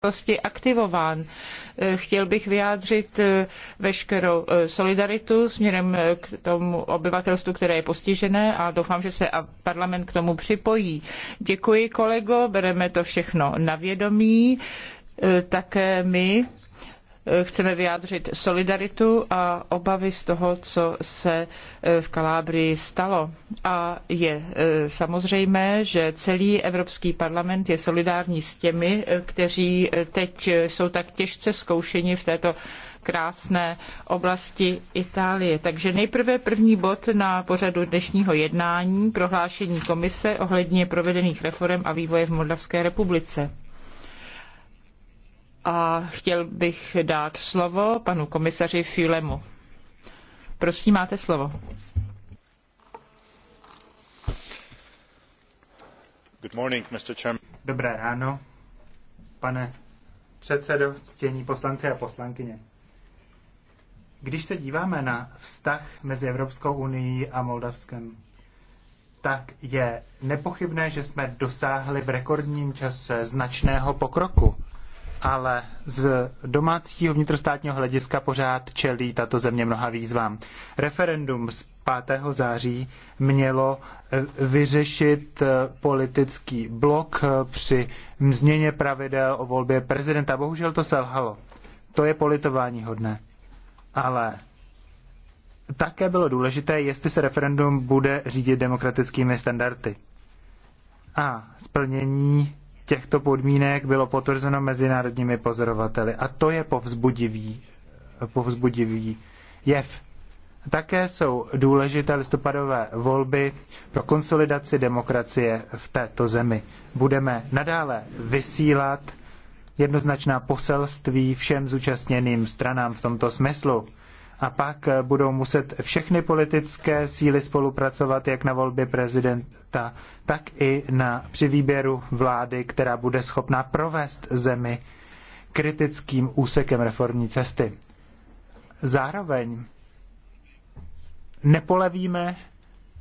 prostě aktivován. Eh, chtěl bych vyjádřit eh, veškerou eh, solidaritu směrem k tomu obyvatelstvu, které je postižené a doufám, že se parlament k tomu připojí. Děkuji kolego, bereme to všechno na vědomí. Také my chceme vyjádřit solidaritu a obavy z toho, co se e, v Kalábrii stalo. A je e, samozřejmé, že celý Evropský parlament je solidární s těmi, e, kteří teď jsou tak těžce zkoušeni v této krásné oblasti Itálie. Takže nejprve první bod na pořadu dnešního jednání, prohlášení komise ohledně provedených reform a vývoje v Moldavské republice a chtěl bych dát slovo panu komisaři Filemu. Prosím, máte slovo. Dobré ráno, pane předsedo, ctění poslanci a poslankyně. Když se díváme na vztah mezi Evropskou unii a Moldavskem, tak je nepochybné, že jsme dosáhli v rekordním čase značného pokroku ale z domácího vnitrostátního hlediska pořád čelí tato země mnoha výzvám. Referendum z 5. září mělo eh, vyřešit eh, politický blok eh, při změně pravidel o volbě prezidenta. Bohužel to selhalo. To je politování hodné. Ale také bylo důležité, jestli se referendum bude řídit demokratickými standardy. A splnění těchto podmínek bylo potvrzeno mezinárodními pozorovateli. A to je povzbudivý, povzbudivý jev. Také jsou důležité listopadové volby pro konsolidaci demokracie v této zemi. Budeme nadále vysílat jednoznačná poselství všem zúčastněným stranám v tomto smyslu a pak eh, budou muset všechny politické síly spolupracovat jak na volbě prezidenta, tak i na, při výběru vlády, která bude schopná provést zemi kritickým úsekem reformní cesty. Zároveň nepolevíme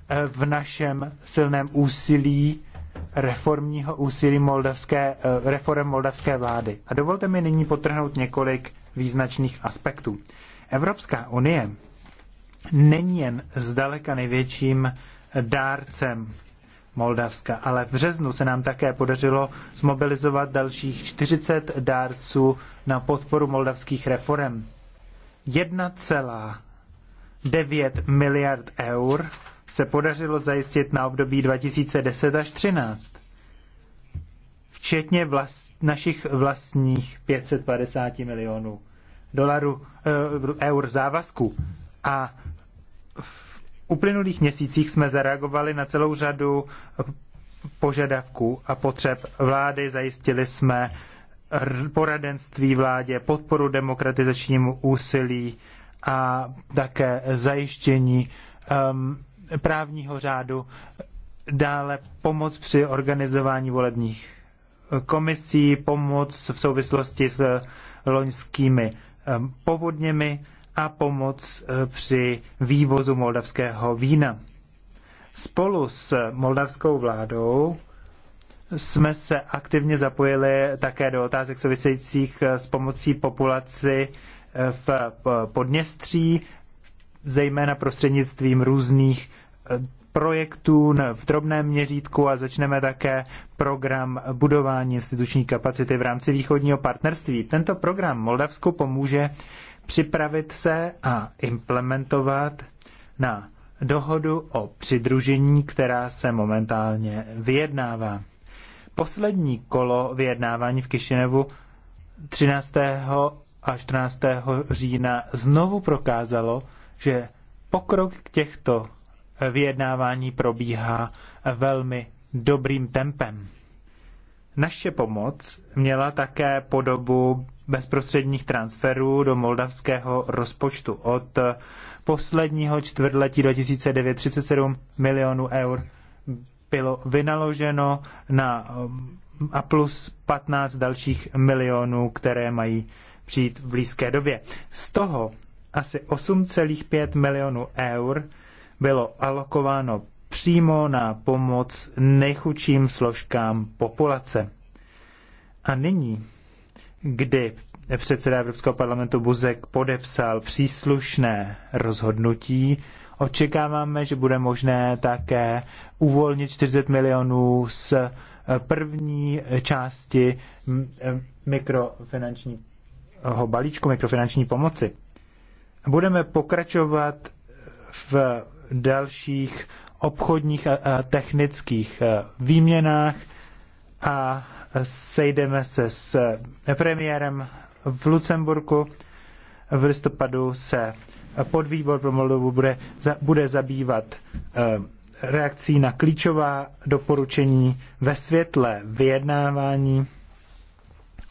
eh, v našem silném úsilí reformního úsilí moldavské, eh, reform moldavské vlády. A dovolte mi nyní potrhnout několik význačných aspektů. Evropská unie není jen zdaleka největším dárcem Moldavska, ale v březnu se nám také podařilo zmobilizovat dalších 40 dárců na podporu moldavských reform. 1,9 miliard eur se podařilo zajistit na období 2010 až 2013, včetně vlast, našich vlastních 550 milionů dolarů, eh, eur závazků. A v uplynulých měsících jsme zareagovali na celou řadu požadavků a potřeb vlády. Zajistili jsme poradenství vládě, podporu demokratizačnímu úsilí a také zajištění um, právního řádu, dále pomoc při organizování volebních eh, komisí, pomoc v souvislosti s eh, loňskými Um, povodněmi a pomoc uh, při vývozu moldavského vína. Spolu s moldavskou vládou jsme se aktivně zapojili také do otázek souvisejících uh, s pomocí populaci uh, v Podněstří, zejména prostřednictvím různých projektů v drobném měřítku a začneme také program budování instituční kapacity v rámci východního partnerství. Tento program Moldavsku pomůže připravit se a implementovat na dohodu o přidružení, která se momentálně vyjednává. Poslední kolo vyjednávání v Kišinevu 13. a 14. října znovu prokázalo, že pokrok těchto vyjednávání probíhá velmi dobrým tempem. Naše pomoc měla také podobu bezprostředních transferů do moldavského rozpočtu. Od posledního čtvrtletí 2009 37 milionů eur bylo vynaloženo na a plus 15 dalších milionů, které mají přijít v blízké době. Z toho asi 8,5 milionů eur bylo alokováno přímo na pomoc nejchudším složkám populace. A nyní, kdy předseda Evropského parlamentu Buzek podepsal příslušné rozhodnutí, očekáváme, že bude možné také uvolnit 40 milionů z první části mikrofinančního balíčku mikrofinanční pomoci. Budeme pokračovat v dalších obchodních a technických e, výměnách a sejdeme se s premiérem v Lucemburku. V listopadu se podvýbor pro Moldovu bude, bude zabývat e, reakcí na klíčová doporučení ve světle vyjednávání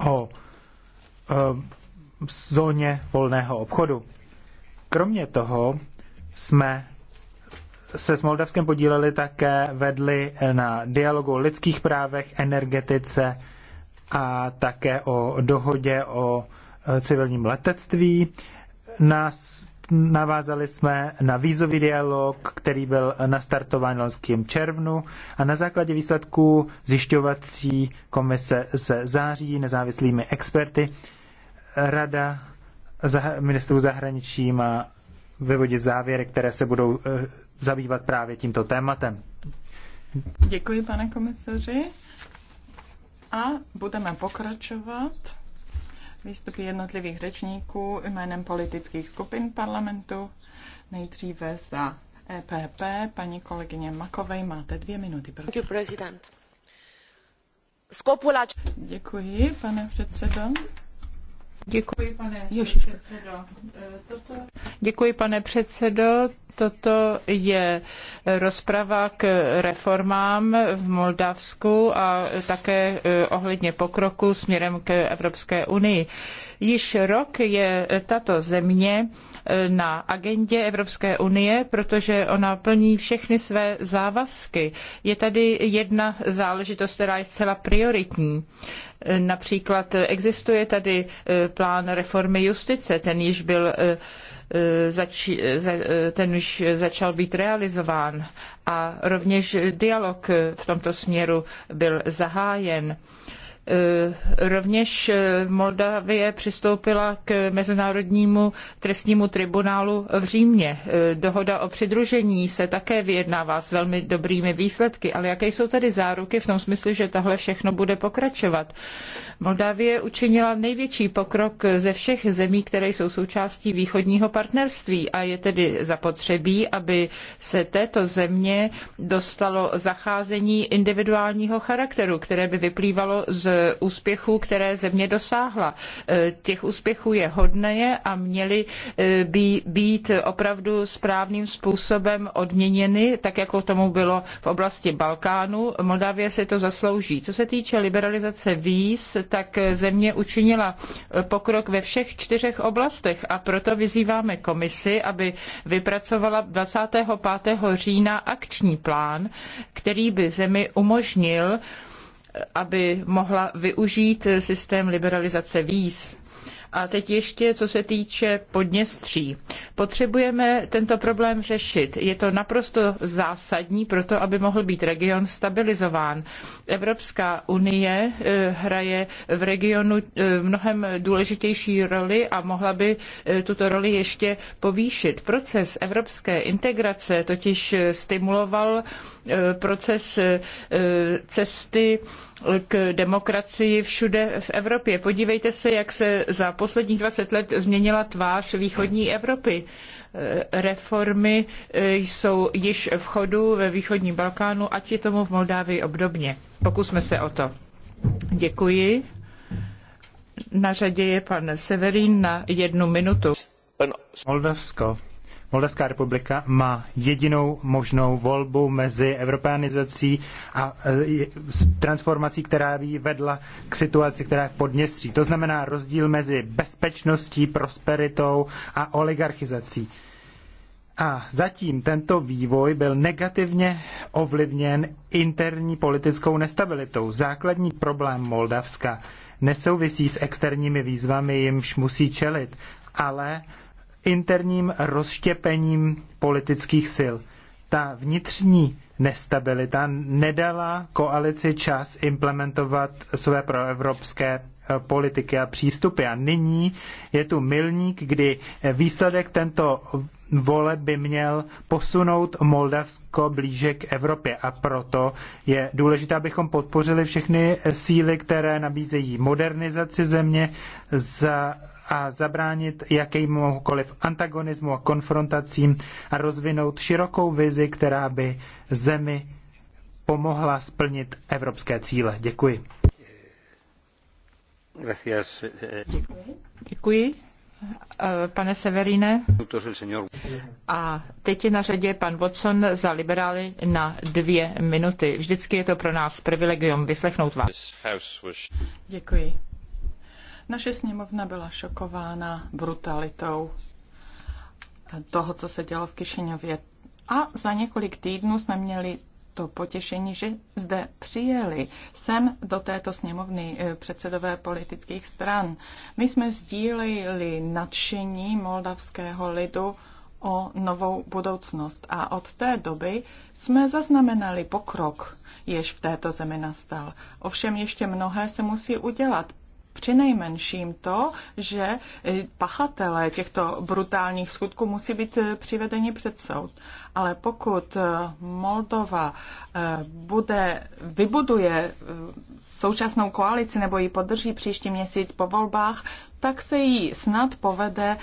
o e, zóně volného obchodu. Kromě toho jsme se s Moldavskem podíleli, také vedli na dialogu o lidských právech, energetice a také o dohodě o eh, civilním letectví. Nás navázali jsme na vízový dialog, který byl nastartován loňským červnu a na základě výsledků zjišťovací komise se září nezávislými experty Rada ministrů zahraničí má vyvodit závěry, které se budou eh, zabývat právě tímto tématem. Děkuji, pane komisaři. A budeme pokračovat výstupy jednotlivých řečníků jménem politických skupin parlamentu. Nejdříve za EPP. Paní kolegyně Makovej, máte dvě minuty. Prosím. Děkuji, pane předsedo. Děkuji, pane předsedo. E, toto... Děkuji, pane předsedo. Toto je rozprava k reformám v Moldavsku a také e, ohledně pokroku směrem k Evropské unii. Již rok je tato země eh, na agendě Evropské unie, protože ona plní všechny své závazky. Je tady jedna záležitost, která je zcela prioritní. Eh, například existuje tady eh, plán reformy justice, ten již byl ten už začal být realizován a rovněž dialog v tomto směru byl zahájen. Eh, rovněž eh, Moldavie přistoupila k Mezinárodnímu trestnímu tribunálu v Římě. Eh, dohoda o přidružení se také vyjednává s velmi dobrými výsledky, ale jaké jsou tedy záruky v tom smyslu, že tohle všechno bude pokračovat? Moldavie učinila největší pokrok ze všech zemí, které jsou součástí východního partnerství a je tedy zapotřebí, aby se této země dostalo zacházení individuálního charakteru, které by vyplývalo z Eh, úspěchů, které země dosáhla. Eh, těch úspěchů je hodně a měly eh, by být opravdu správným způsobem odměněny, tak jako tomu bylo v oblasti Balkánu. Moldavie si to zaslouží. Co se týče liberalizace víz, tak země učinila pokrok ve všech čtyřech oblastech a proto vyzýváme komisi, aby vypracovala 25. října akční plán, který by zemi umožnil aby mohla využít systém liberalizace víz. A teď ještě, co se týče Podněstří. Potřebujeme tento problém řešit. Je to naprosto zásadní pro to, aby mohl být region stabilizován. Evropská unie eh, hraje v regionu eh, mnohem důležitější roli a mohla by eh, tuto roli ještě povýšit. Proces evropské integrace totiž stimuloval proces cesty k demokracii všude v Evropě. Podívejte se, jak se za posledních 20 let změnila tvář východní Evropy. Reformy e, jsou již v chodu ve východním Balkánu, ať je tomu v Moldávii obdobně. Pokusme se o to. Děkuji. Na řadě je pan Severín na jednu minutu. Moldavsko Moldavská republika má jedinou možnou volbu mezi evropanizací a e, transformací, která by ji vedla k situaci, která je v Podněstří. To znamená rozdíl mezi bezpečností, prosperitou a oligarchizací. A zatím tento vývoj byl negativně ovlivněn interní politickou nestabilitou. Základní problém Moldavska nesouvisí s externími výzvami, jimž musí čelit, ale interním rozštěpením politických sil. Ta vnitřní nestabilita nedala koalici čas implementovat své proevropské eh, politiky a přístupy. A nyní je tu milník, kdy výsledek tento vole by měl posunout Moldavsko blíže k Evropě. A proto je důležité, abychom podpořili všechny síly, které nabízejí modernizaci země, za a zabránit jakémukoliv antagonismu a konfrontacím a rozvinout širokou vizi, která by zemi pomohla splnit evropské cíle. Děkuji. Eh, Děkuji. Děkuji. Eh, pane Severine. A teď je na řadě pan Watson za liberály na dvě minuty. Vždycky je to pro nás privilegium vyslechnout vás. Děkuji. Naše sněmovna byla šokována brutalitou toho, co se dělo v Kišiněvě. A za několik týdnů jsme měli to potěšení, že zde přijeli sem do této sněmovny eh, předsedové politických stran. My jsme sdíleli nadšení moldavského lidu o novou budoucnost a od té doby jsme zaznamenali pokrok, jež v této zemi nastal. Ovšem ještě mnohé se musí udělat přinejmenším to, že eh, pachatelé těchto brutálních skutků musí být eh, přivedeni před soud. Ale pokud eh, Moldova eh, bude, vybuduje eh, současnou koalici nebo ji podrží příští měsíc po volbách, tak se jí snad povede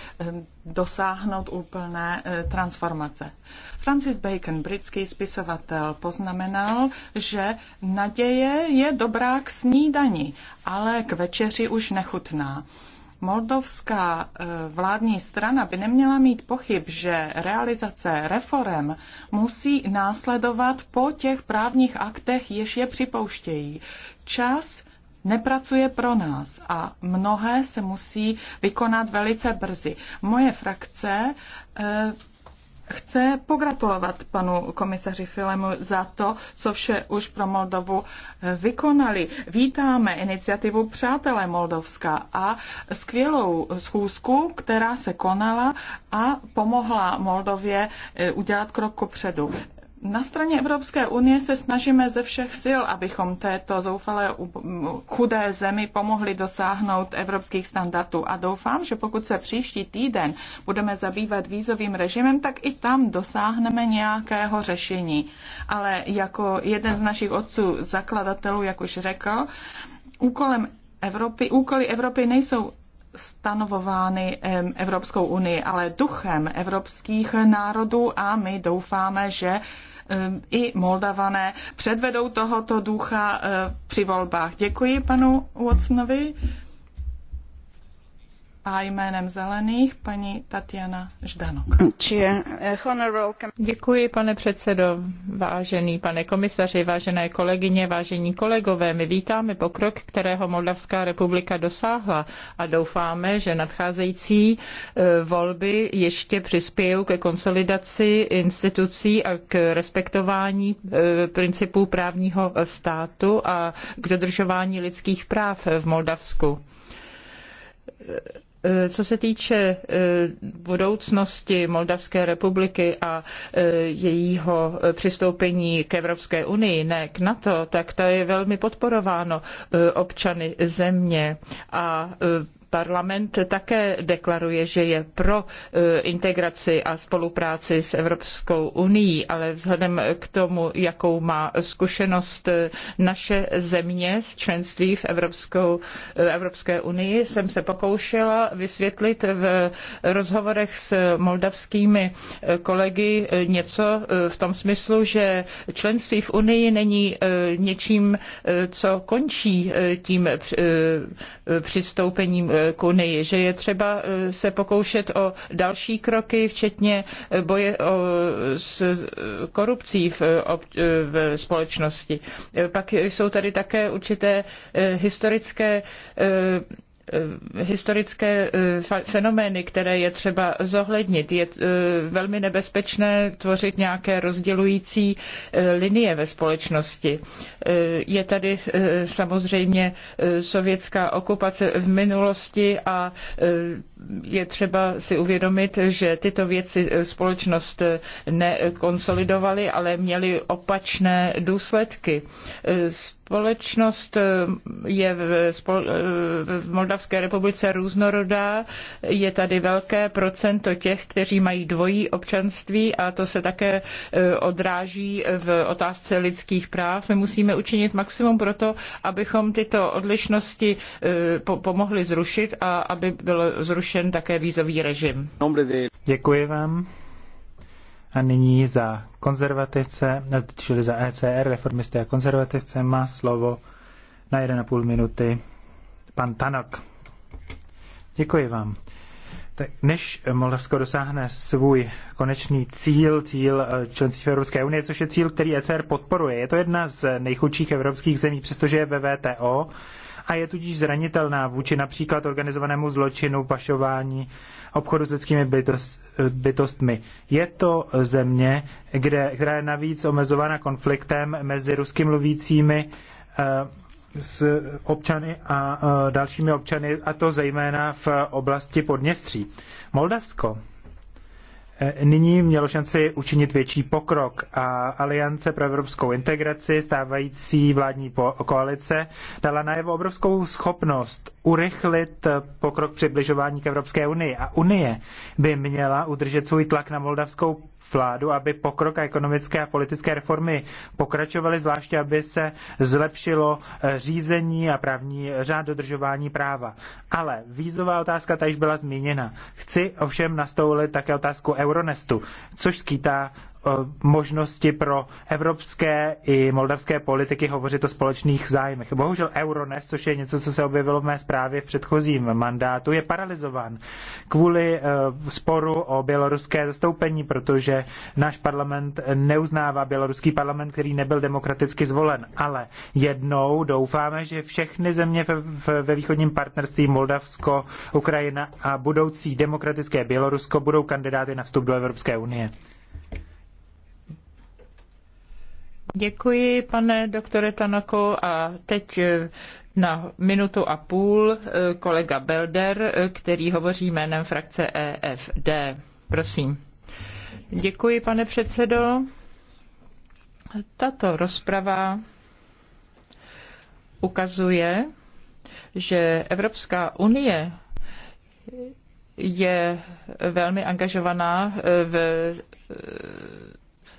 dosáhnout úplné transformace. Francis Bacon, britský spisovatel, poznamenal, že naděje je dobrá k snídani, ale k večeři už nechutná. Moldovská eh, vládní strana by neměla mít pochyb, že realizace reform musí následovat po těch právních aktech, jež je připouštějí. Čas nepracuje pro nás a mnohé se musí vykonat velice brzy. Moje frakce eh, chce pogratulovat panu komisaři Filemu za to, co vše už pro Moldovu eh, vykonali. Vítáme iniciativu Přátelé Moldovska a skvělou schůzku, která se konala a pomohla Moldově eh, udělat krok kopředu. Na straně Evropské unie se snažíme ze všech sil, abychom této zoufalé chudé zemi pomohli dosáhnout evropských standardů. A doufám, že pokud se příští týden budeme zabývat vízovým režimem, tak i tam dosáhneme nějakého řešení. Ale jako jeden z našich otců zakladatelů, jak už řekl, úkolem Evropy, úkoly Evropy nejsou stanovovány Evropskou unii, ale duchem evropských národů a my doufáme, že Ehm, i Moldavané předvedou tohoto ducha eh, při volbách. Děkuji panu Watsonovi a jménem zelených paní Tatiana Ždanok. Eh, Děkuji, pane předsedo, vážený pane komisaři, vážené kolegyně, vážení kolegové. My vítáme pokrok, kterého Moldavská republika dosáhla a doufáme, že nadcházející eh, volby ještě přispějí ke konsolidaci institucí a k respektování eh, principů právního státu a k dodržování lidských práv v Moldavsku Eh, co se týče eh, budoucnosti Moldavské republiky a eh, jejího přistoupení k Evropské unii, ne k NATO, tak to je velmi podporováno občany země a Parlament také deklaruje, že je pro e, integraci a spolupráci s Evropskou unii, ale vzhledem k tomu, jakou má zkušenost e, naše země s členství v Evropskou, e, Evropské unii, jsem se pokoušela vysvětlit v rozhovorech s moldavskými kolegy něco v tom smyslu, že členství v unii není něčím, co končí tím přistoupením k Unii, že je třeba eh, se pokoušet o další kroky, včetně eh, boje o, s korupcí v, eh, v společnosti. Pak jsou tady také určité historické Eh, historické eh, fenomény, které je třeba zohlednit. Je eh, velmi nebezpečné tvořit nějaké rozdělující linie ve společnosti. Je tady samozřejmě sovětská okupace v minulosti a je třeba si uvědomit, že tyto věci eh, společnost eh, nekonsolidovaly, ale měly opačné důsledky. Eh, společnost je v, Moldavské republice různorodá, je tady velké procento těch, kteří mají dvojí občanství a to se také odráží v otázce lidských práv. My musíme učinit maximum pro to, abychom tyto odlišnosti pomohli zrušit a aby bylo zrušeno zrušen také vízový režim. Děkuji vám. A nyní za konzervativce, čili za ECR, reformisty a konzervativce, má slovo na 1,5 minuty pan Tanok. Děkuji vám. Tak než Moldavsko dosáhne svůj konečný cíl, cíl eh, členství v Evropské unie, což je cíl, který ECR podporuje, je to jedna z nejchudších evropských zemí, přestože je ve VTO, a je tudíž zranitelná vůči například organizovanému zločinu, pašování, obchodu s lidskými bytost, bytostmi. Je to země, kde, která je navíc omezována konfliktem mezi ruským mluvícími eh, s občany a eh, dalšími občany, a to zejména v oblasti Podněstří. Moldavsko Eh, nyní mělo šanci učinit větší pokrok a Aliance pro evropskou integraci, stávající vládní koalice, dala najevo obrovskou schopnost urychlit eh, pokrok přibližování k Evropské unii. A Unie by měla udržet svůj tlak na moldavskou vládu, aby pokrok a ekonomické a politické reformy pokračovaly, zvláště aby se zlepšilo eh, řízení a právní řád dodržování práva. Ale vízová otázka ta již byla zmíněna. Chci ovšem nastoulit také otázku euro Euronestu, což skýtá Eh, možnosti pro evropské i moldavské politiky hovořit o společných zájmech. Bohužel Euronest, což je něco, co se objevilo v mé zprávě v předchozím mandátu, je paralizován kvůli eh, sporu o běloruské zastoupení, protože náš parlament neuznává běloruský parlament, který nebyl demokraticky zvolen. Ale jednou doufáme, že všechny země ve východním partnerství Moldavsko, Ukrajina a budoucí demokratické Bělorusko budou kandidáty na vstup do Evropské unie. Děkuji, pane doktore Tanako. A teď eh, na minutu a půl eh, kolega Belder, eh, který hovoří jménem frakce EFD. Prosím. Děkuji, pane předsedo. Tato rozprava ukazuje, že Evropská unie je velmi angažovaná v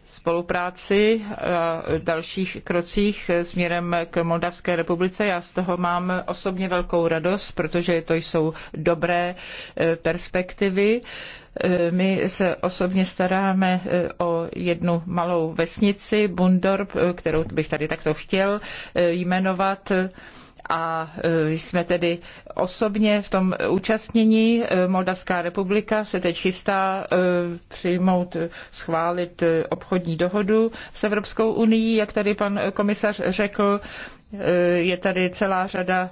spolupráci a dalších krocích směrem k Moldavské republice. Já z toho mám osobně velkou radost, protože to jsou dobré e, perspektivy. E, my se osobně staráme e, o jednu malou vesnici, Bundorp, kterou bych tady takto chtěl jmenovat a e, jsme tedy osobně v tom účastnění. E, Moldavská republika se teď chystá e, přijmout, schválit obchodní dohodu s Evropskou unii, jak tady pan komisař řekl. Je tady celá řada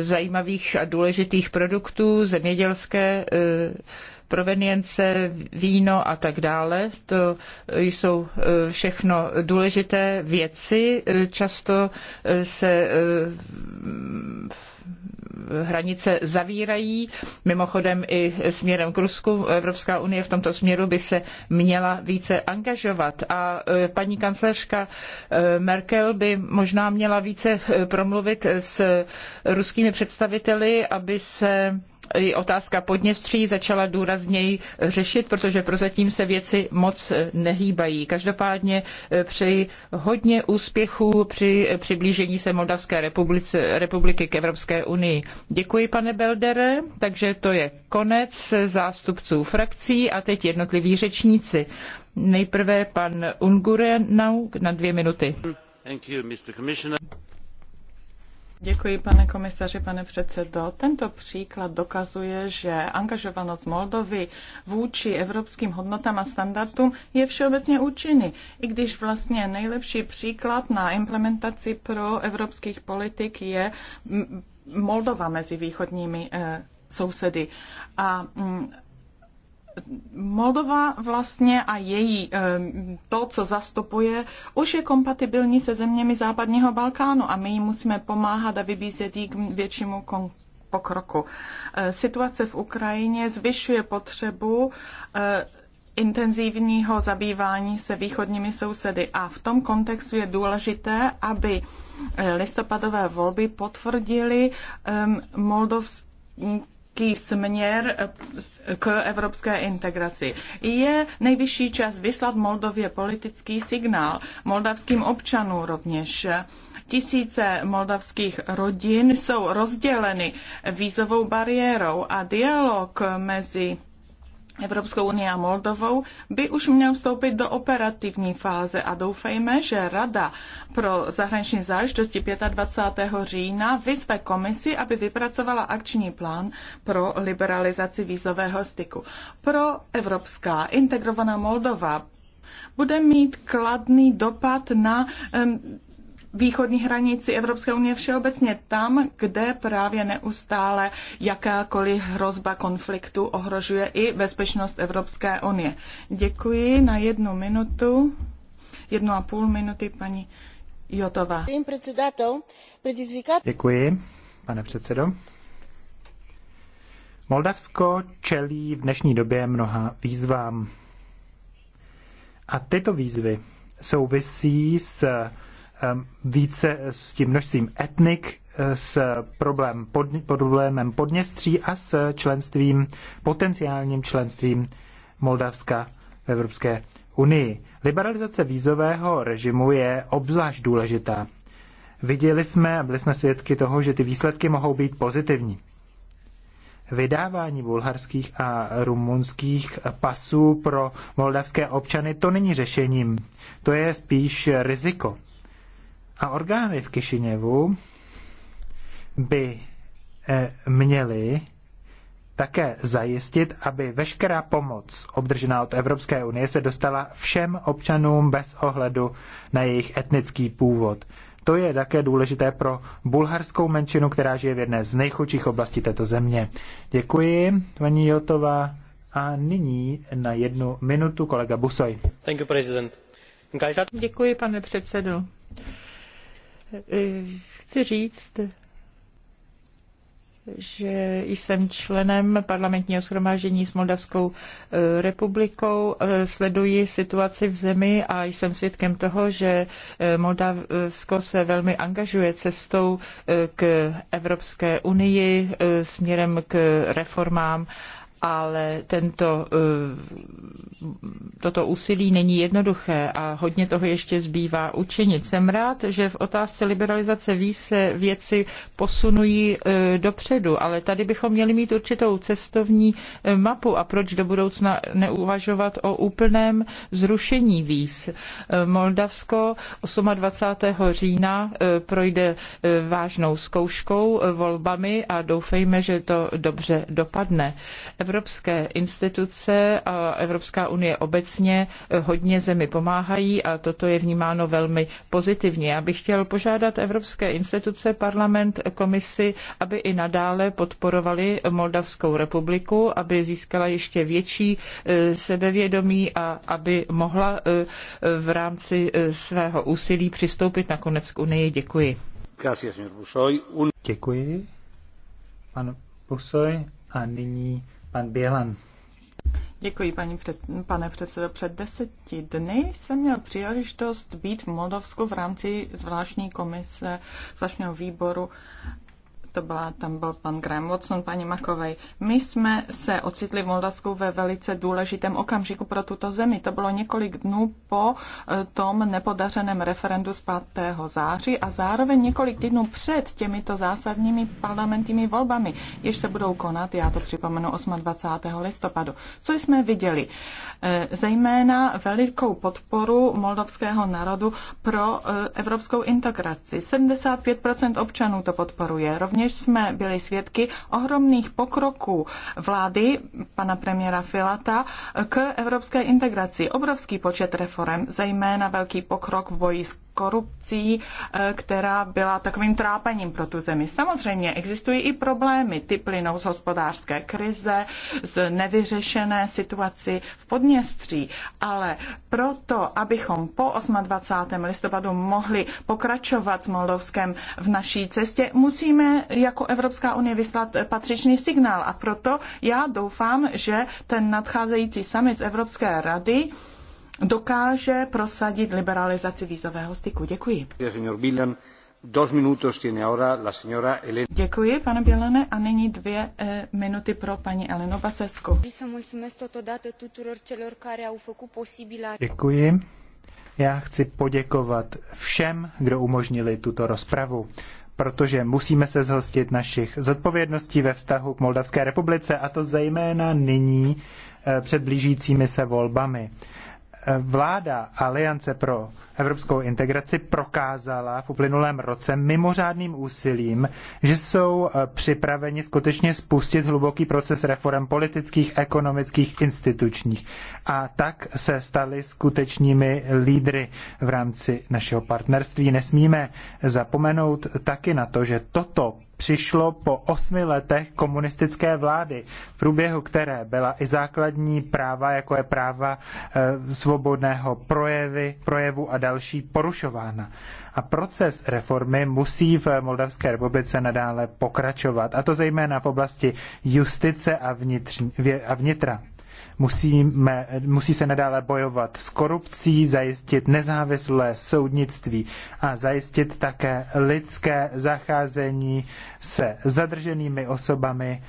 zajímavých a důležitých produktů, zemědělské provenience, víno a tak dále. To jsou eh, všechno důležité věci. Eh, často eh, se hranice zavírají. Mimochodem i směrem k Rusku Evropská unie v tomto směru by se měla více angažovat. A paní kancléřka Merkel by možná měla více promluvit s ruskými představiteli, aby se i otázka Podněstří začala důrazněji řešit, protože prozatím se věci moc eh, nehýbají. Každopádně eh, přeji hodně úspěchů při přiblížení se Moldavské republice, republiky k Evropské unii. Děkuji, pane Beldere, takže to je konec zástupců frakcí a teď jednotliví řečníci. Nejprve pan Ungureanu na dvě minuty. You, Děkuji, pane komisaři, pane předsedo. Tento příklad dokazuje, že angažovanost Moldovy vůči evropským hodnotám a standardům je všeobecně účinný, i když vlastně nejlepší příklad na implementaci pro evropských politik je Moldova mezi východními eh, sousedy. A mm, Moldova vlastně a její to, co zastupuje, už je kompatibilní se zeměmi západního Balkánu a my jí musíme pomáhat a vybízet jí k většímu pokroku. E, situace v Ukrajině zvyšuje potřebu e, intenzivního zabývání se východními sousedy a v tom kontextu je důležité, aby e, listopadové volby potvrdily moldovský nějaký směr eh, k evropské integraci. Je nejvyšší čas vyslat Moldově politický signál, moldavským občanům rovněž. Tisíce moldavských rodin jsou rozděleny vízovou bariérou a dialog mezi Evropskou unii a Moldovou, by už měl vstoupit do operativní fáze a doufejme, že Rada pro zahraniční záležitosti 25. října vyzve komisi, aby vypracovala akční plán pro liberalizaci vízového styku. Pro Evropská integrovaná Moldova bude mít kladný dopad na um, východní hranici Evropské unie všeobecně tam, kde právě neustále jakákoliv hrozba konfliktu ohrožuje i bezpečnost Evropské unie. Děkuji na jednu minutu, jednu a půl minuty paní Jotová. Děkuji, pane předsedo. Moldavsko čelí v dnešní době mnoha výzvám. A tyto výzvy souvisí s více s tím množstvím etnik, eh, s problém pod, problémem Podněstří a s členstvím, potenciálním členstvím Moldavska v Evropské unii. Liberalizace vízového režimu je obzvlášť důležitá. Viděli jsme a byli jsme svědky toho, že ty výsledky mohou být pozitivní. Vydávání bulharských a rumunských pasů pro moldavské občany to není řešením. To je spíš riziko a orgány v Kišiněvu by eh, měly také zajistit, aby veškerá pomoc obdržená od Evropské unie se dostala všem občanům bez ohledu na jejich etnický původ. To je také důležité pro bulharskou menšinu, která žije v jedné z nejchudších oblastí této země. Děkuji, paní Jotová. A nyní na jednu minutu kolega Busoj. Děkuji, pane předsedo. Chci říct, že jsem členem parlamentního shromáždění s Moldavskou eh, republikou, eh, sleduji situaci v zemi a jsem svědkem toho, že eh, Moldavsko se velmi angažuje cestou k Evropské unii směrem k reformám ale tento, eh, toto úsilí není jednoduché a hodně toho ještě zbývá učinit. Jsem rád, že v otázce liberalizace ví se věci posunují eh, dopředu, ale tady bychom měli mít určitou cestovní eh, mapu a proč do budoucna neuvažovat o úplném zrušení víz. Moldavsko 28. října projde vážnou zkouškou, volbami a doufejme, že to dobře dopadne evropské instituce a Evropská unie obecně eh, hodně zemi pomáhají a toto je vnímáno velmi pozitivně. Já bych chtěl požádat evropské instituce, parlament, komisi, aby i nadále podporovali Moldavskou republiku, aby získala ještě větší eh, sebevědomí a aby mohla eh, v rámci svého úsilí přistoupit nakonec k Unii. Děkuji. Děkuji. Pan Busoj a nyní Pan Bělan. Děkuji, paní před, pane předsedo. Před deseti dny jsem měl příležitost být v Moldovsku v rámci zvláštní komise, zvláštního výboru to byla, tam byl pan Graham Watson, paní Makovej. My jsme se ocitli v Moldavsku ve velice důležitém okamžiku pro tuto zemi. To bylo několik dnů po eh, tom nepodařeném referendu z 5. září a zároveň několik týdnů před těmito zásadními parlamentními volbami, jež se budou konat, já to připomenu, 28. listopadu. Co jsme viděli? Eh, zejména velikou podporu moldavského národu pro eh, evropskou integraci. 75% občanů to podporuje. Rovně rovněž jsme byli svědky ohromných pokroků vlády pana premiéra Filata k evropské integraci. Obrovský počet reform, zejména velký pokrok v boji s korupcí, eh, která byla takovým trápením pro tu zemi. Samozřejmě existují i problémy, ty plynou z hospodářské krize, z nevyřešené situaci v Podněstří, ale proto, abychom po 28. listopadu mohli pokračovat s Moldovskem v naší cestě, musíme jako Evropská unie vyslat patřičný signál a proto já doufám, že ten nadcházející summit z Evropské rady dokáže prosadit liberalizaci vízového styku. Děkuji. Děkuji, pane Bělene, a nyní dvě e, minuty pro paní Elenu Basesku. Děkuji. Já chci poděkovat všem, kdo umožnili tuto rozpravu, protože musíme se zhostit našich zodpovědností ve vztahu k Moldavské republice, a to zejména nyní eh, před blížícími se volbami vláda Aliance pro evropskou integraci prokázala v uplynulém roce mimořádným úsilím, že jsou eh, připraveni skutečně spustit hluboký proces reform politických, ekonomických, institučních. A tak se stali skutečnými lídry v rámci našeho partnerství. Nesmíme zapomenout taky na to, že toto přišlo po osmi letech komunistické vlády, v průběhu které byla i základní práva, jako je práva e, svobodného projevy, projevu a další porušována. A proces reformy musí v Moldavské republice nadále pokračovat, a to zejména v oblasti justice a, vnitř, a vnitra. Musíme, musí se nadále bojovat s korupcí, zajistit nezávislé soudnictví a zajistit také lidské zacházení se zadrženými osobami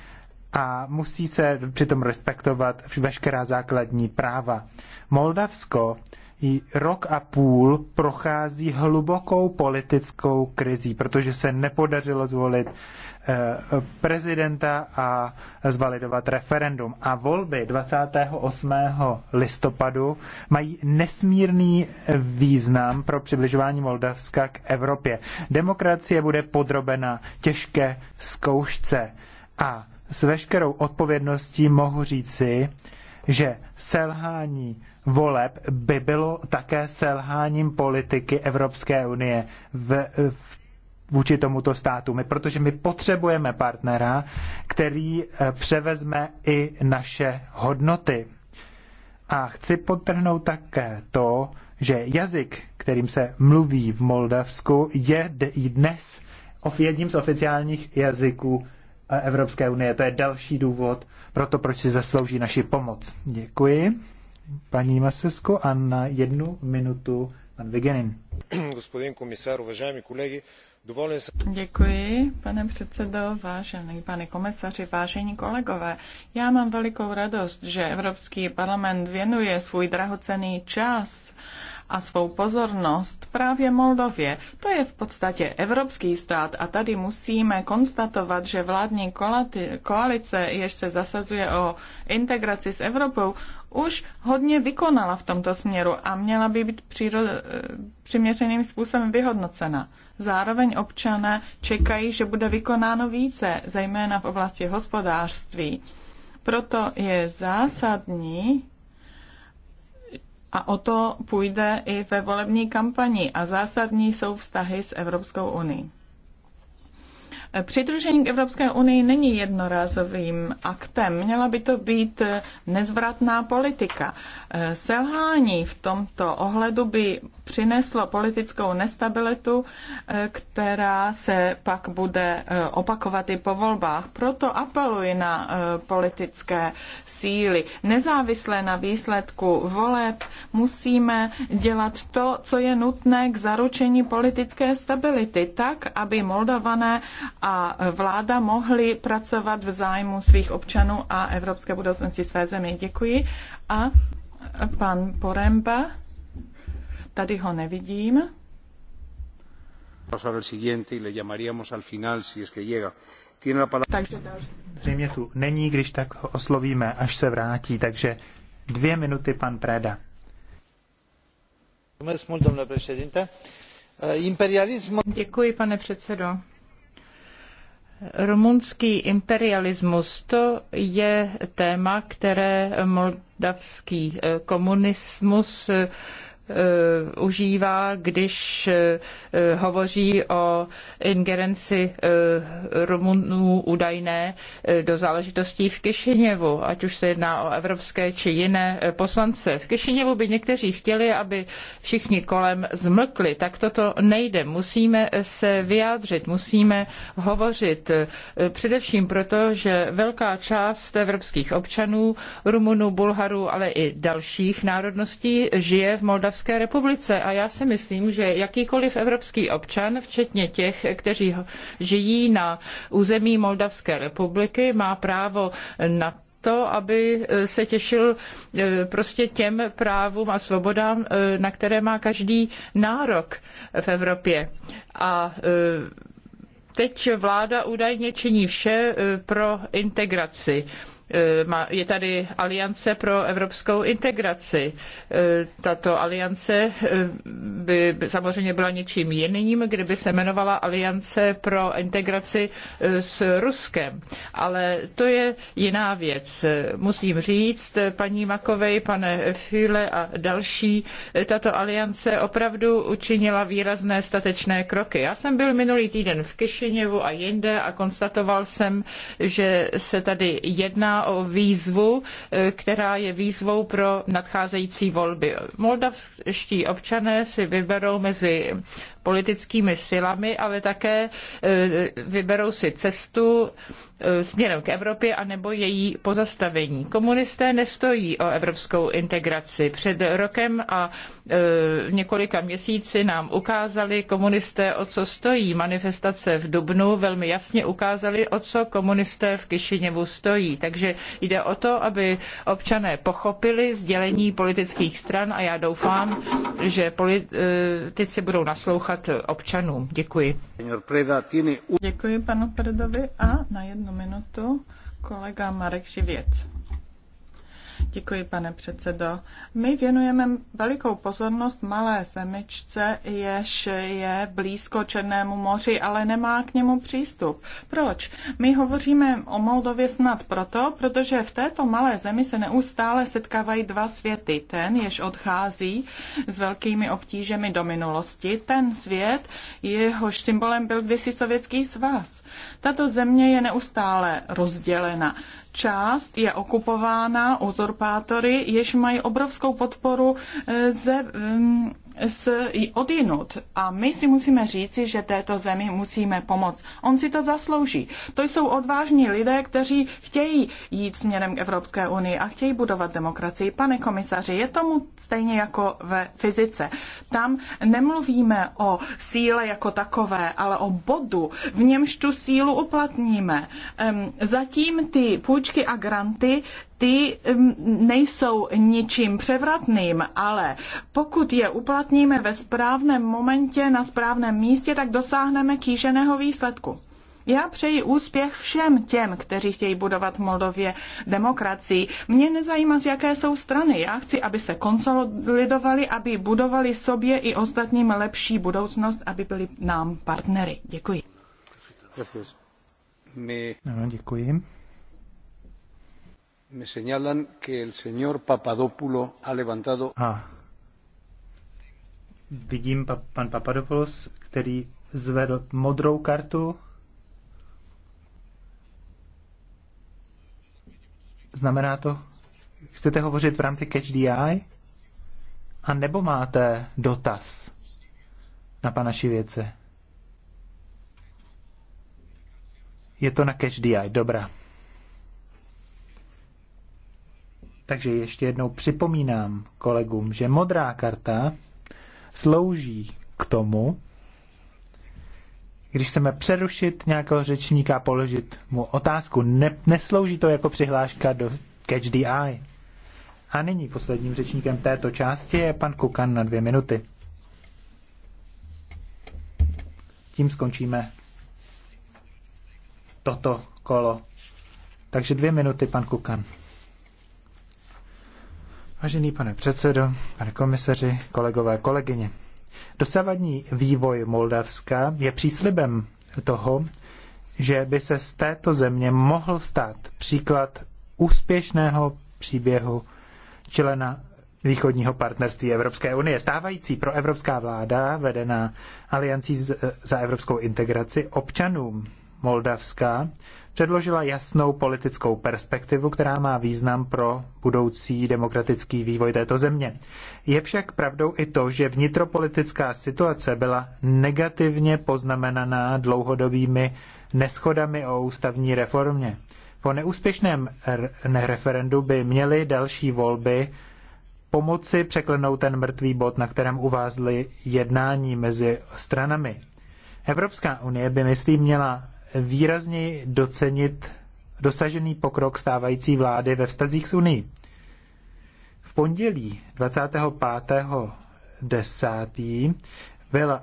a musí se přitom respektovat veškerá základní práva. Moldavsko rok a půl prochází hlubokou politickou krizí, protože se nepodařilo zvolit eh, prezidenta a zvalidovat referendum. A volby 28. listopadu mají nesmírný význam pro přibližování Moldavska k Evropě. Demokracie bude podrobena těžké zkoušce a s veškerou odpovědností mohu říci, že selhání voleb by bylo také selháním politiky Evropské unie v, v vůči tomuto státu. My, protože my potřebujeme partnera, který eh, převezme i naše hodnoty. A chci podtrhnout také to, že jazyk, kterým se mluví v Moldavsku, je dnes jedním z oficiálních jazyků eh, Evropské unie. To je další důvod, proto, proč si zaslouží naši pomoc. Děkuji, paní Masesko, a na jednu minutu pan Vigenin. Gospodin komisár, uvažajmi kolegy, Děkuji, pane předsedo, vážený pane komisaři, vážení kolegové. Já mám velikou radost, že Evropský parlament věnuje svůj drahocený čas a svou pozornost právě Moldově. To je v podstatě evropský stát a tady musíme konstatovat, že vládní koalice, jež se zasazuje o integraci s Evropou, už hodně vykonala v tomto směru a měla by být přírod- přiměřeným způsobem vyhodnocena. Zároveň občané čekají, že bude vykonáno více, zejména v oblasti hospodářství. Proto je zásadní, a o to půjde i ve volební kampani a zásadní jsou vztahy s Evropskou unii. Přidružení k Evropské unii není jednorázovým aktem, měla by to být nezvratná politika. Selhání v tomto ohledu by přineslo politickou nestabilitu, která se pak bude eh, opakovat i po volbách. Proto apeluji na eh, politické síly. Nezávisle na výsledku voleb musíme dělat to, co je nutné k zaručení politické stability, tak, aby Moldavané a vláda mohly pracovat v zájmu svých občanů a evropské budoucnosti své země. Děkuji. A pan Poremba, tady ho nevidím. Takže Zřejmě tu není, když tak ho oslovíme, až se vrátí. Takže dvě minuty, pan Preda. Děkuji, pane předsedo. Rumunský imperialismus to je téma, které moldavský eh, komunismus eh, Eh, užívá, když eh, hovoří o ingerenci eh, Rumunů údajné do záležitostí v Kišiněvu, ať už se jedná o evropské či jiné poslance. V Kišiněvu by někteří chtěli, aby všichni kolem zmlkli. Tak toto nejde. Musíme se vyjádřit, musíme hovořit. Především proto, že velká část evropských občanů, Rumunů, Bulharů, ale i dalších národností žije v Moldavsku Moldavské republice. A já si myslím, že jakýkoliv evropský občan, včetně těch, kteří žijí na území Moldavské republiky, má právo na to, aby eh, se těšil eh, prostě těm právům a svobodám, eh, na které má každý nárok v Evropě. A teď vláda údajně činí vše pro integraci Eh, je tady aliance pro evropskou integraci. Eh, tato aliance eh, by samozřejmě byla něčím jiným, kdyby se jmenovala aliance pro integraci s Ruskem. Ale to je jiná věc. Musím říct, paní Makovej, pane Füle a další, tato aliance opravdu učinila výrazné statečné kroky. Já jsem byl minulý týden v Kišiněvu a jinde a konstatoval jsem, že se tady jedná o výzvu, eh, která je výzvou pro nadcházející volby. Moldavští občané si vyberou mezi politickými silami, ale také e, vyberou si cestu e, směrem k Evropě anebo její pozastavení. Komunisté nestojí o evropskou integraci. Před rokem a e, několika měsíci nám ukázali komunisté, o co stojí. Manifestace v Dubnu velmi jasně ukázali, o co komunisté v Kišiněvu stojí. Takže jde o to, aby občané pochopili sdělení politických stran a já doufám, že politici budou naslouchat poslouchat občanům. Děkuji. Děkuji panu Predovi a na jednu minutu kolega Marek Živěc. Děkuji, pane předsedo. My věnujeme velikou pozornost malé zemičce, jež je blízko Černému moři, ale nemá k němu přístup. Proč? My hovoříme o Moldově snad proto, protože v této malé zemi se neustále setkávají dva světy. Ten, jež odchází s velkými obtížemi do minulosti, ten svět, jehož symbolem byl kdysi sovětský svaz. Tato země je neustále rozdělena část je okupována uzurpátory, jež mají obrovskou podporu eh, ze mm, z, odjinut. A my si musíme říci, že této zemi musíme pomoct. On si to zaslouží. To jsou odvážní lidé, kteří chtějí jít směrem k Evropské unii a chtějí budovat demokracii. Pane komisaři, je tomu stejně jako ve fyzice. Tam nemluvíme o síle jako takové, ale o bodu, v němž tu sílu uplatníme. Zatím ty půjčky a granty ty hm, nejsou ničím převratným, ale pokud je uplatníme ve správném momentě na správném místě, tak dosáhneme kýženého výsledku. Já přeji úspěch všem těm, kteří chtějí budovat v Moldově demokracii. Mě nezajímá, z jaké jsou strany. Já chci, aby se konsolidovali, aby budovali sobě i ostatním lepší budoucnost, aby byli nám partnery. Děkuji. My... No, děkuji. Me señalan que el señor ha levantado... vidím pa- pan Papadopoulos, který zvedl modrou kartu. Znamená to, chcete hovořit v rámci Catch the Eye? A nebo máte dotaz na pana Šivěce? Je to na Catch the Eye, dobrá. Takže ještě jednou připomínám kolegům, že modrá karta slouží k tomu, když chceme přerušit nějakého řečníka a položit mu otázku. Ne, neslouží to jako přihláška do Catch the Eye. A nyní posledním řečníkem této části je pan Kukan na dvě minuty. Tím skončíme toto kolo. Takže dvě minuty, pan Kukan. Vážený pane předsedo, pane komisaři, kolegové, kolegyně. Dosavadní vývoj Moldavska je příslibem toho, že by se z této země mohl stát příklad úspěšného příběhu člena východního partnerství Evropské unie. Stávající proevropská vláda, vedená Aliancí za evropskou integraci občanům Moldavska, Předložila jasnou politickou perspektivu, která má význam pro budoucí demokratický vývoj této země. Je však pravdou i to, že vnitropolitická situace byla negativně poznamenaná dlouhodobými neschodami o ústavní reformě. Po neúspěšném referendu by měly další volby pomoci překlenout ten mrtvý bod, na kterém uvázly jednání mezi stranami. Evropská unie by, myslím, měla výrazněji docenit dosažený pokrok stávající vlády ve vztazích s Unii. V pondělí 25. 10. Byla,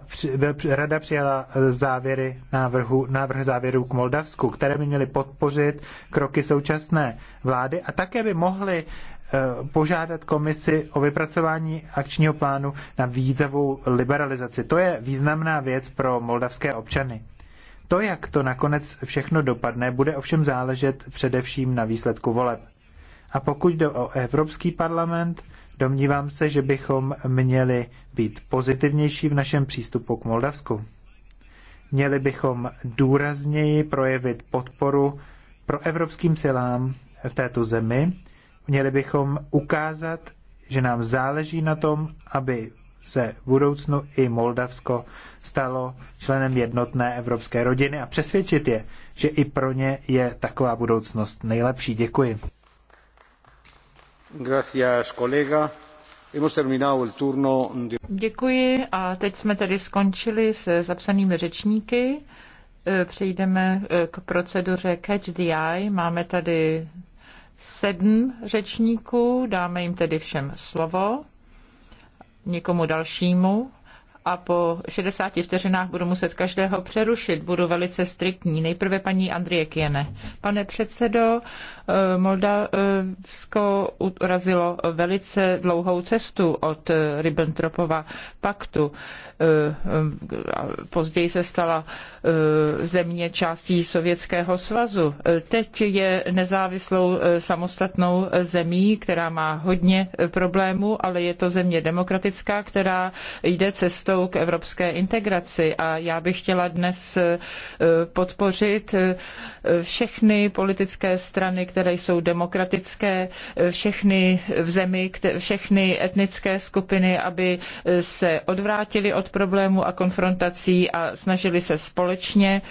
rada přijala závěry návrhu, návrh závěrů k Moldavsku, které by měly podpořit kroky současné vlády a také by mohly eh, požádat komisi o vypracování akčního plánu na výzavou liberalizaci. To je významná věc pro moldavské občany. To, jak to nakonec všechno dopadne, bude ovšem záležet především na výsledku voleb. A pokud jde o Evropský parlament, domnívám se, že bychom měli být pozitivnější v našem přístupu k Moldavsku. Měli bychom důrazněji projevit podporu pro evropským silám v této zemi. Měli bychom ukázat, že nám záleží na tom, aby se v budoucnu i Moldavsko stalo členem jednotné evropské rodiny a přesvědčit je, že i pro ně je taková budoucnost nejlepší. Děkuji. Gracias, kolega. Děkuji a teď jsme tedy skončili se zapsanými řečníky. E, přejdeme e, k proceduře Catch the Eye. Máme tady sedm řečníků, dáme jim tedy všem slovo někomu dalšímu a po 60 vteřinách budu muset každého přerušit. Budu velice striktní. Nejprve paní Andrie Kiene. Pane předsedo, eh, Moldavsko urazilo velice dlouhou cestu od eh, Ribbentropova paktu. Eh, později se stala země částí Sovětského svazu. Teď je nezávislou samostatnou zemí, která má hodně problémů, ale je to země demokratická, která jde cestou cestou k evropské integraci. A já bych chtěla dnes eh, podpořit eh, všechny politické strany, které jsou demokratické, eh, všechny v zemi, všechny etnické skupiny, aby se odvrátili od problémů a konfrontací a snažili se společně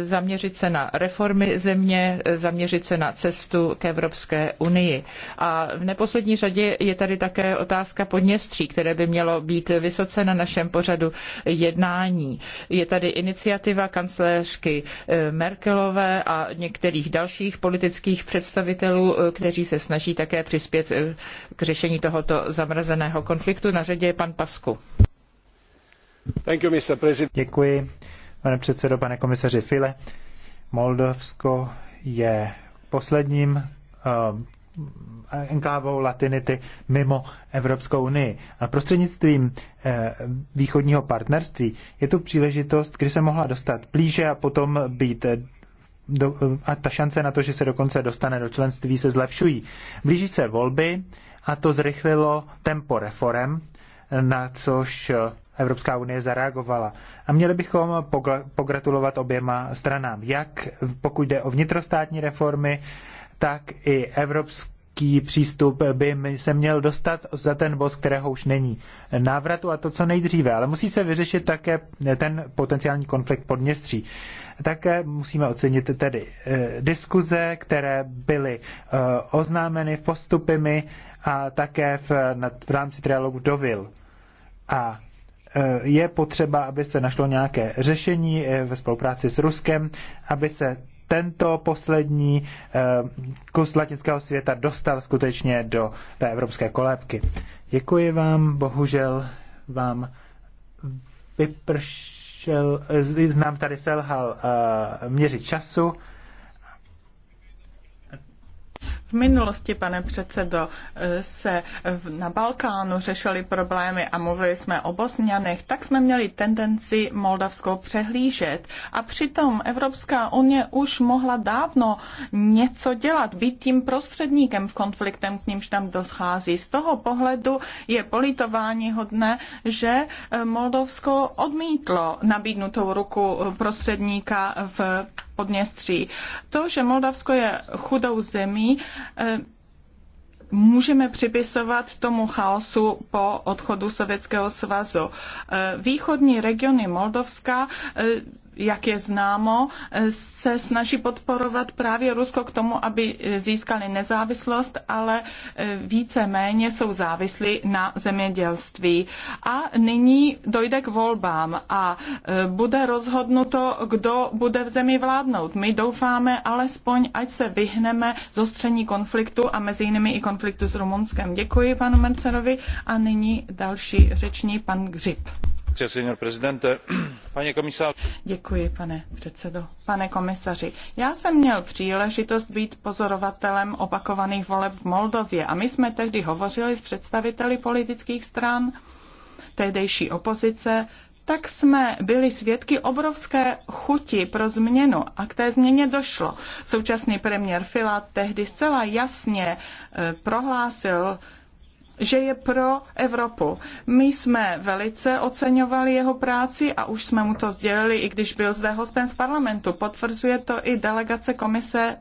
zaměřit se na reformy země, zaměřit se na cestu k Evropské unii. A v neposlední řadě je tady také otázka Podněstří, které by mělo být vysoce na našem pořadu jednání. Je tady iniciativa kancléřky eh, Merkelové a některých dalších politických představitelů, eh, kteří se snaží také přispět eh, k řešení tohoto zamrazeného konfliktu. Na řadě je pan Pasku. You, Děkuji, pane předsedo, pane komisaři File. Moldavsko je posledním uh, enklávou latinity mimo Evropskou unii. A prostřednictvím eh, východního partnerství je tu příležitost, kdy se mohla dostat blíže a potom být eh, do, eh, a ta šance na to, že se dokonce dostane do členství, se zlepšují. Blíží se volby a to zrychlilo tempo reform, na což Evropská unie zareagovala. A měli bychom pogratulovat oběma stranám, jak pokud jde o vnitrostátní reformy, tak i evropské jaký přístup by se měl dostat za ten bod, kterého už není. Návratu a to, co nejdříve, ale musí se vyřešit také ten potenciální konflikt podměstří. Také eh, musíme ocenit tedy eh, diskuze, které byly eh, oznámeny v postupy a také v, v rámci trialogu Dovil. A je potřeba, aby se našlo nějaké řešení ve spolupráci s Ruskem, aby se tento poslední eh, kus latinského světa dostal skutečně do té evropské kolébky. Děkuji vám, bohužel vám vypršel, znám eh, tady selhal eh, měřit času. V minulosti, pane předsedo, se na Balkánu řešily problémy a mluvili jsme o Bosňanech, tak jsme měli tendenci Moldavsko přehlížet. A přitom Evropská unie už mohla dávno něco dělat, být tím prostředníkem v konfliktem, k nímž tam dochází. Z toho pohledu je politování hodné, že eh, Moldavsko odmítlo nabídnutou ruku eh, prostředníka v Podněstří. To, že Moldavsko je chudou zemí, eh, můžeme připisovat tomu chaosu po odchodu Sovětského svazu. Eh, východní regiony Moldavska eh, jak je známo, se snaží podporovat právě Rusko k tomu, aby získali nezávislost, ale e, více-méně jsou závislí na zemědělství. A nyní dojde k volbám a e, bude rozhodnuto, kdo bude v zemi vládnout. My doufáme alespoň, ať se vyhneme zostření konfliktu a mezi jinými i konfliktu s Rumunskem. Děkuji panu Mercerovi a nyní další řeční pan Grip. Děkuji, pane Pane komisaři, já jsem měl příležitost být pozorovatelem opakovaných voleb v moldavsku a my jsme tehdy hovořili s představiteli politických stran tehdejší opozice, tak jsme byli svědky obrovské chuti pro změnu a k té změně došlo. Současný premiér Filat tehdy zcela jasně eh, prohlásil, že je pro Evropu. My jsme velice oceňovali jeho práci a už jsme mu to sdělili, i když byl zde hostem v parlamentu. Potvrzuje to i delegace komise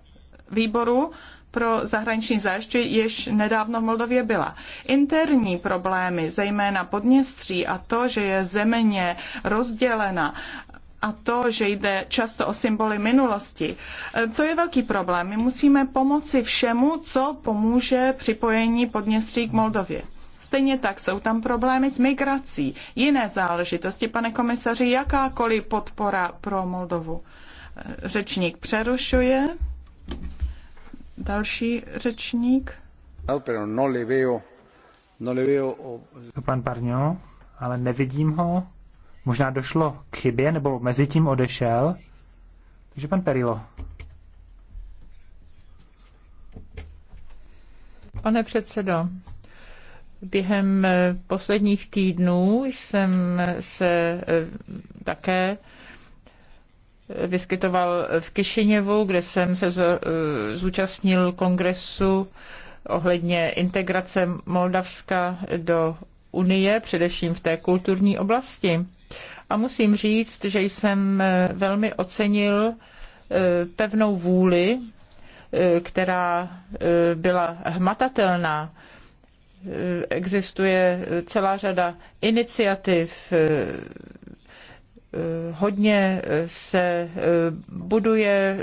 výboru pro zahraniční záště, jež nedávno v Moldově byla. Interní problémy, zejména podněstří a to, že je země rozdělena, a to, že jde často o symboly minulosti, e, to je velký problém. My musíme pomoci všemu, co pomůže připojení Podněstří k Moldově. Stejně tak jsou tam problémy s migrací, jiné záležitosti. Pane komisaři, jakákoliv podpora pro Moldovu. E, řečník přerušuje. Další řečník. No, no no Pan Parňo, ale nevidím ho. Možná došlo k chybě, nebo mezi tím odešel. Takže pan Perilo. Pane předsedo, během posledních týdnů jsem se eh, také vyskytoval v Kišiněvu, kde jsem se eh, zúčastnil kongresu ohledně integrace Moldavska do Unie, především v té kulturní oblasti. A musím říct, že jsem eh, velmi ocenil eh, pevnou vůli, eh, která byla hmatatelná. Existuje celá řada iniciativ, hodně se buduje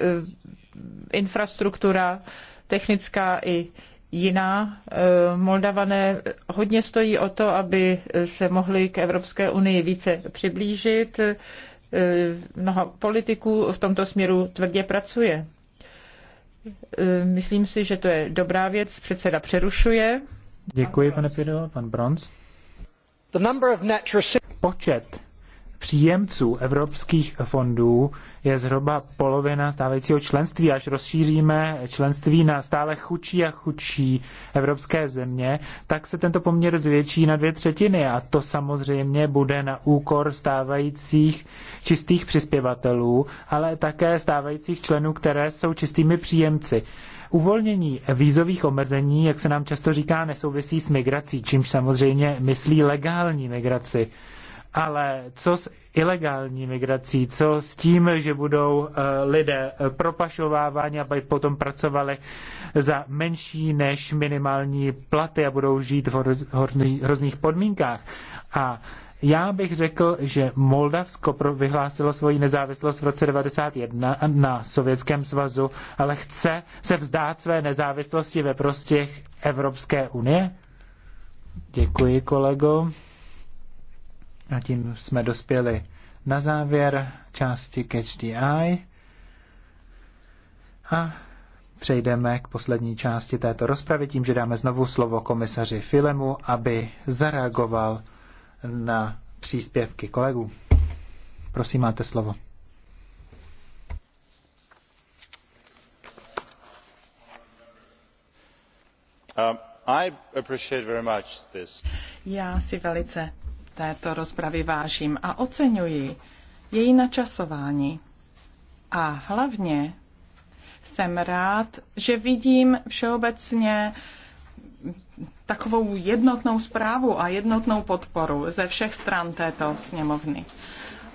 infrastruktura technická i jiná. Eh, Moldavané hodně stojí o to, aby se mohli k Evropské unii více přiblížit. Eh, Mnoho politiků v tomto směru tvrdě pracuje. Eh, myslím si, že to je dobrá věc. Předseda přerušuje. Děkuji, pane Pido. Pan Bronz. Počet příjemců evropských fondů je zhruba polovina stávajícího členství. Až rozšíříme členství na stále chudší a chudší evropské země, tak se tento poměr zvětší na dvě třetiny a to samozřejmě bude na úkor stávajících čistých přispěvatelů, ale také stávajících členů, které jsou čistými příjemci. Uvolnění vízových omezení, jak se nám často říká, nesouvisí s migrací, čímž samozřejmě myslí legální migraci. Ale co s ilegální migrací, co s tím, že budou eh, lidé eh, propašováváni, aby potom pracovali za menší než minimální platy a budou žít v hrozných podmínkách. A já bych řekl, že Moldavsko vyhlásilo svoji nezávislost v roce 1991 na Sovětském svazu, ale chce se vzdát své nezávislosti ve prospěch Evropské unie? Děkuji, kolego. A tím jsme dospěli na závěr části Catch the Eye. A přejdeme k poslední části této rozpravy tím, že dáme znovu slovo komisaři Filemu, aby zareagoval na příspěvky kolegů. Prosím, máte slovo. Um, I appreciate very much this. Já si velice této rozpravy vážím a oceňuji její načasování. A hlavně jsem rád, že vidím všeobecně takovou jednotnou zprávu a jednotnou podporu ze všech stran této sněmovny.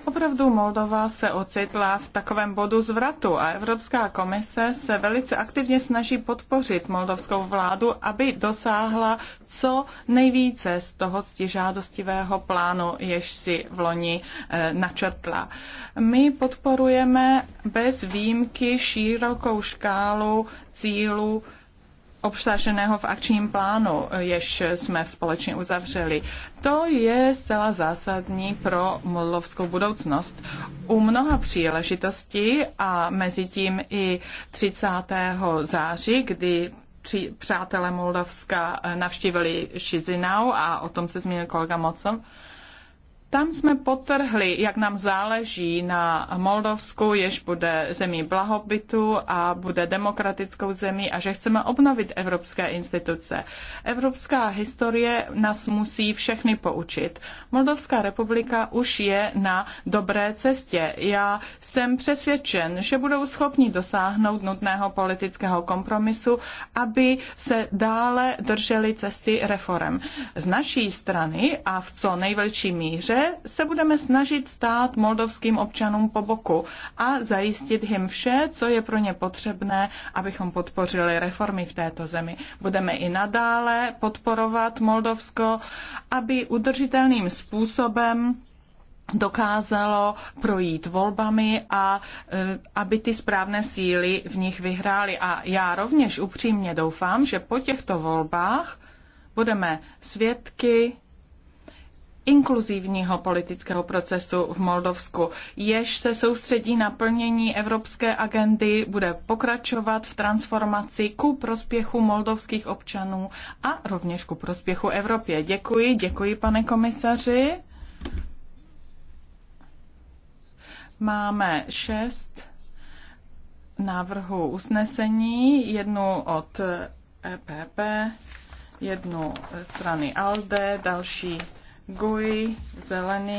Opravdu Moldova se ocitla v takovém bodu zvratu a Evropská komise se velice aktivně snaží podpořit moldovskou vládu, aby dosáhla co nejvíce z toho ctižádostivého plánu, jež si v loni eh, načrtla. My podporujeme bez výjimky širokou škálu cílů obsaženého v akčním plánu, jež jsme společně uzavřeli. To je zcela zásadní pro moldovskou budoucnost. U mnoha příležitostí a mezi tím i 30. září, kdy přátelé Moldavska navštívili Šizinau a o tom se zmínil kolega Mocov, tam jsme potrhli, jak nám záleží na Moldovsku, jež bude zemí blahobytu a bude demokratickou zemí a že chceme obnovit evropské instituce. Evropská historie nás musí všechny poučit. Moldovská republika už je na dobré cestě. Já jsem přesvědčen, že budou schopni dosáhnout nutného politického kompromisu, aby se dále drželi cesty reform. Z naší strany a v co největší míře zde se budeme snažit stát moldovským občanům po boku a zajistit jim vše, co je pro ně potřebné, abychom podpořili reformy v této zemi. Budeme i nadále podporovat Moldovsko, aby udržitelným způsobem dokázalo projít volbami a eh, aby ty správné síly v nich vyhrály. A já rovněž upřímně doufám, že po těchto volbách budeme svědky inkluzivního politického procesu v Moldovsku, jež se soustředí na plnění evropské agendy, bude pokračovat v transformaci ku prospěchu moldovských občanů a rovněž ku prospěchu Evropě. Děkuji, děkuji pane komisaři. Máme šest návrhů usnesení, jednu od EPP, jednu strany ALDE, další GUI, zelený,